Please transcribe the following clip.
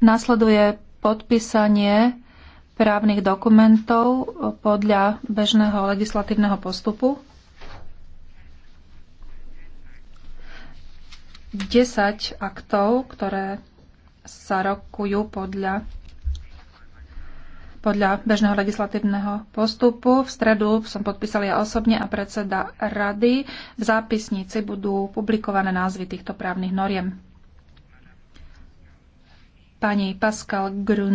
Nasleduje podpísanie právnych dokumentov podľa bežného legislatívneho postupu. 10 aktov, ktoré sa rokujú podľa, podľa bežného legislatívneho postupu. V stredu som podpísal ja osobne a predseda rady. V zápisnici budú publikované názvy týchto právnych noriem pani Pascal Grun